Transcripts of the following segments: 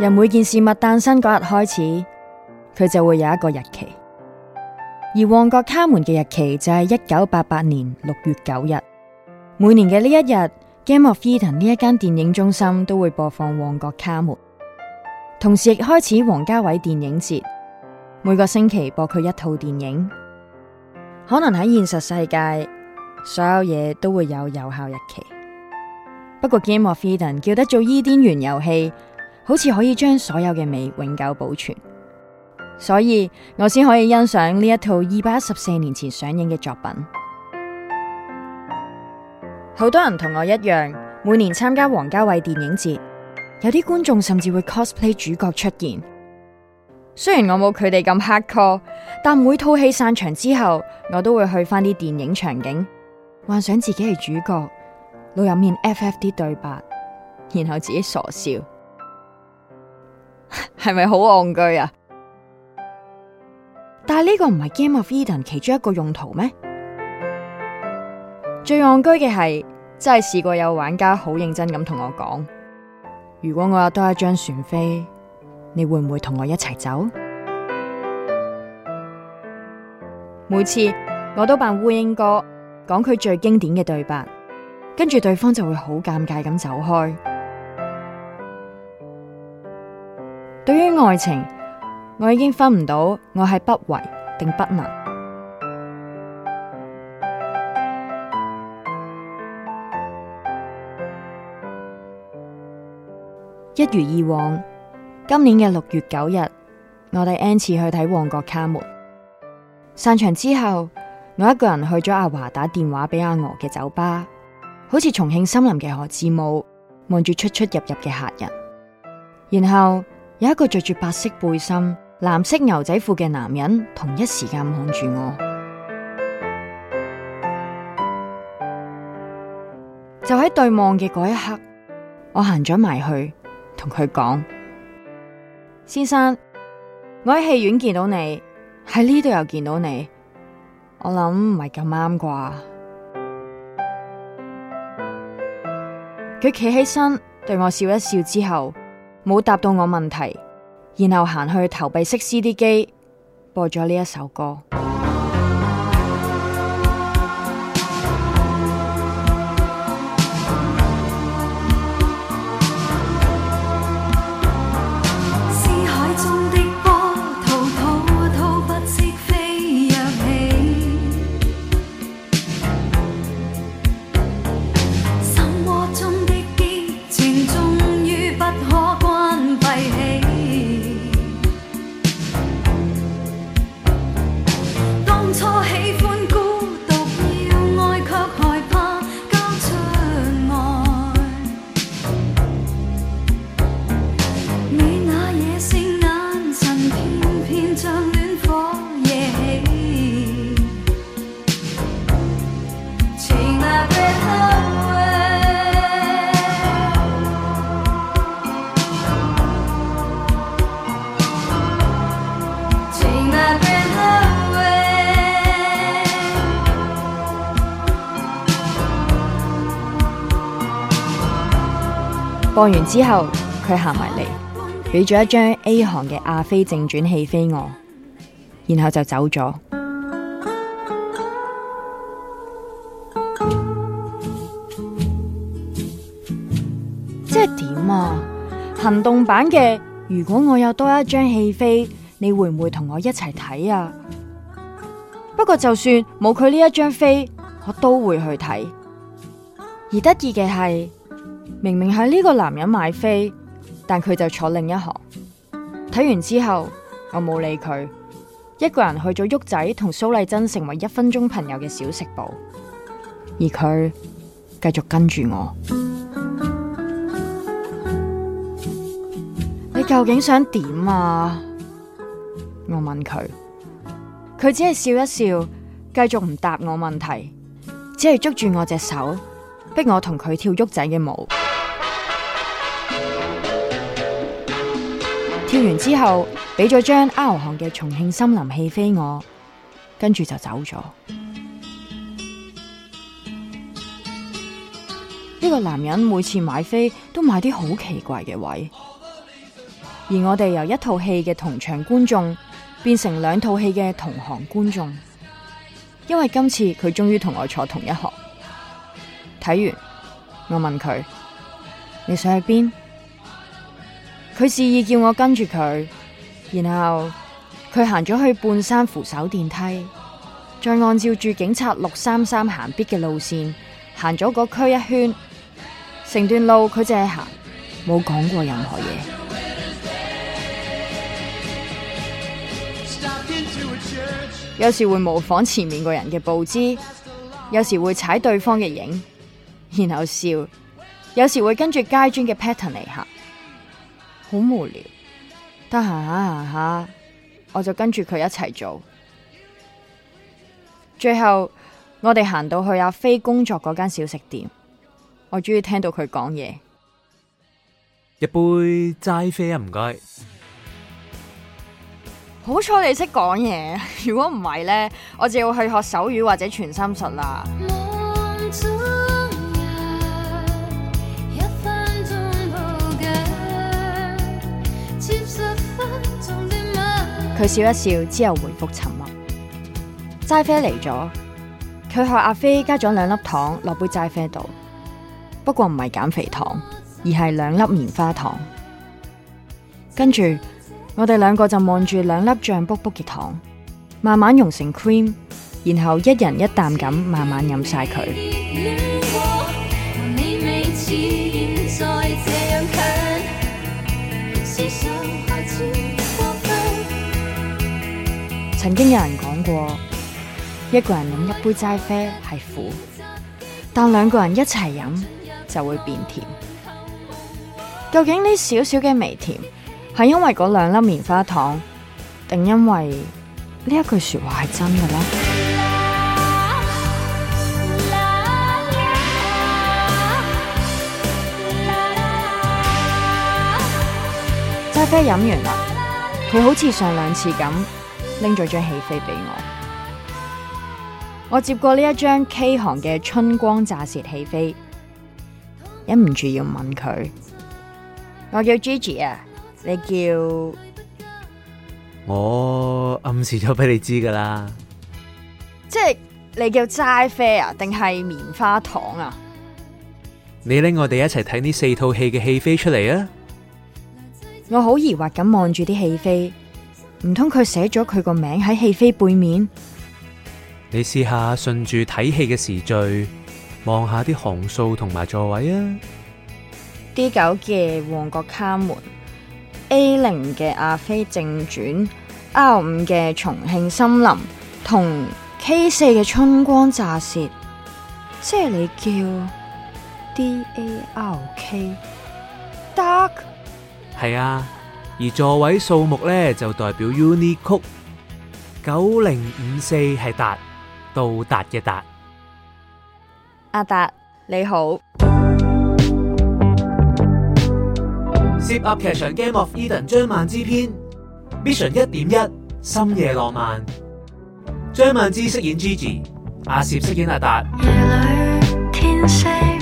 由每件事物誕生嗰日開始，佢就會有一個日期。而旺角卡門嘅日期就係一九八八年六月九日。每年嘅呢一日，Game of Eden 呢一間電影中心都會播放《旺角卡門》，同時亦開始王家衛電影節，每個星期播佢一套電影。可能喺現實世界，所有嘢都會有有效日期。不過 Game of Eden 叫得做伊甸園遊戲，好似可以將所有嘅美永久保存，所以我先可以欣賞呢一套二百一十四年前上映嘅作品。好多人同我一樣，每年參加王家衛電影節，有啲觀眾甚至會 cosplay 主角出現。雖然我冇佢哋咁 hard core，但每套戲散場之後，我都會去返啲電影場景，幻想自己係主角，腦入面 FF 啲對白，然後自己傻笑。係咪好戇居啊？但係呢個唔係《Game of Eden》其中一個用途咩？最戇居嘅係，真係試過有玩家好認真咁同我講：如果我有多一張船飛，你會唔會同我一齊走？每次我都扮烏蠅哥，講佢最經典嘅對白，跟住對方就會好尷尬咁走開。對於愛情，我已經分唔到，我係不為定不能。一如以往，今年嘅六月九日，我第 N 次去睇《旺角卡門》。散場之後，我一個人去咗阿華打電話俾阿娥嘅酒吧，好似重慶森林嘅何志武，望住出出入入嘅客人，然後。有一個着住白色背心、藍色牛仔褲嘅男人，同一時間望住我。 就喺對望嘅嗰一刻，我行咗埋去，同佢講：先生，我喺戲院見到你，喺呢度又見到你，我諗唔係咁啱啩。佢企 起身，對我笑一笑之後。冇答到我問題然後行去投幣式 CD 機，播咗呢一首歌。放完之後，佢行埋嚟，俾咗一張 A 行嘅阿飛正傳戲飛我，然後就走咗。 即係點啊？行動版嘅，如果我有多一張戲飛，你會唔會同我一齊睇啊？不過就算冇佢呢一張飛，我都會去睇。而得意嘅係。明明係呢個男人買飛，但佢就坐另一行。睇完之後，我冇理佢，一個人去咗旭仔同蘇麗珍成為一分鐘朋友嘅小食部，而佢繼續跟住我。 你究竟想點啊？我問佢，佢只係笑一笑，繼續唔答我問題，只係捉住我隻手，逼我同佢跳旭仔嘅舞。跳完之後，俾咗張 R 行嘅重慶森林戲飛我，跟住就走咗。呢個男人每次買飛都買啲好奇怪嘅位，而我哋由一套戲嘅同場觀眾變成兩套戲嘅同行觀眾，因為今次佢終於同我坐同一行。睇完，我問佢：你想去邊？佢示意叫我跟住佢，然後佢行咗去半山扶手電梯，再按照住警察六三三行咇嘅路線行咗個區一圈，成段路佢淨係行，冇講過任何嘢。有時會模仿前面個人嘅步姿，有時會踩對方嘅影，然後笑，有時會跟住階磚嘅 pattern 嚟行，好無聊，但行下行下，我就跟住佢一齊做。最後我哋行到去阿菲工作嗰間小食店，我終於聽到佢講嘢。一杯齋啡啊，唔該。好彩你識講嘢，如果唔係呢，我就要去學手語或者傳心術啦。佢笑一笑之後回復沉默。齋啡嚟咗，佢學阿菲加咗兩粒糖落杯齋啡度，不過唔係減肥糖，而係兩粒棉花糖。跟住，我哋兩個就望住兩粒漲卜卜嘅糖，慢慢溶成 cream，然後一人一啖咁慢慢飲晒佢。曾經有人講過，一個人飲一杯齋啡係苦，但兩個人一齊飲就會變甜。究竟呢少少嘅微甜，係因為嗰兩粒棉花糖，定因為呢一句說話係真嘅呢？齋啡飲完啦，佢好似上兩次咁。拎咗張戲飛俾我，我接過呢一張 K 行嘅春光乍洩戲飛，忍唔住要問佢：我叫 Gigi 啊，你叫？我暗示咗俾你知噶啦，即係你叫齋啡啊，定係棉花糖啊？你拎我哋一齊睇呢四套戲嘅戲飛出嚟啊！我好疑惑咁望住啲戲飛。唔通佢寫咗佢個名喺戲飛背面？你試下順住睇戲嘅時序，望下啲行數同埋座位啊！D 九嘅旺角卡門，A 零嘅阿飛正傳，R 五嘅重慶森林，同 K 四嘅春光乍洩。即係你叫 D A R K Dark？係啊。而座位數目咧就代表 unicode。九零五四係達到達嘅達。阿達你好。Zip 噏劇場 Game of Eden 張蔓姿篇 mission 一點一深夜浪漫。張蔓姿飾演 Gigi，阿攝飾演阿達。女女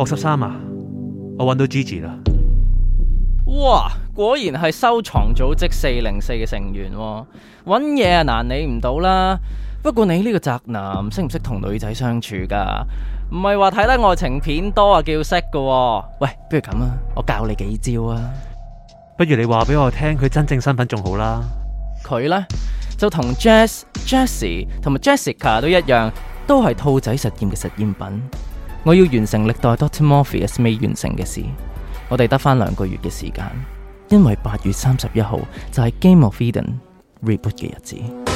郭十三啊，我揾到 Gigi 啦！哇，果然係收藏組織四零四嘅成員，啊，揾嘢啊難你唔到啦。不過你呢個宅男識唔識同女仔相處噶？唔係話睇得愛情片多啊叫識噶？喂，不如咁啊，我教你幾招啊！不如你話俾我聽佢真正身份仲好啦。佢咧就同 j e s s Jessie 同埋 Jessica 都一樣，都係兔仔實驗嘅實驗品。我要完成歷代 Doctor Morpheus 未完成嘅事，我哋得返兩個月嘅時間，因為八月三十一號就係 Game of Eden Reboot 嘅日子。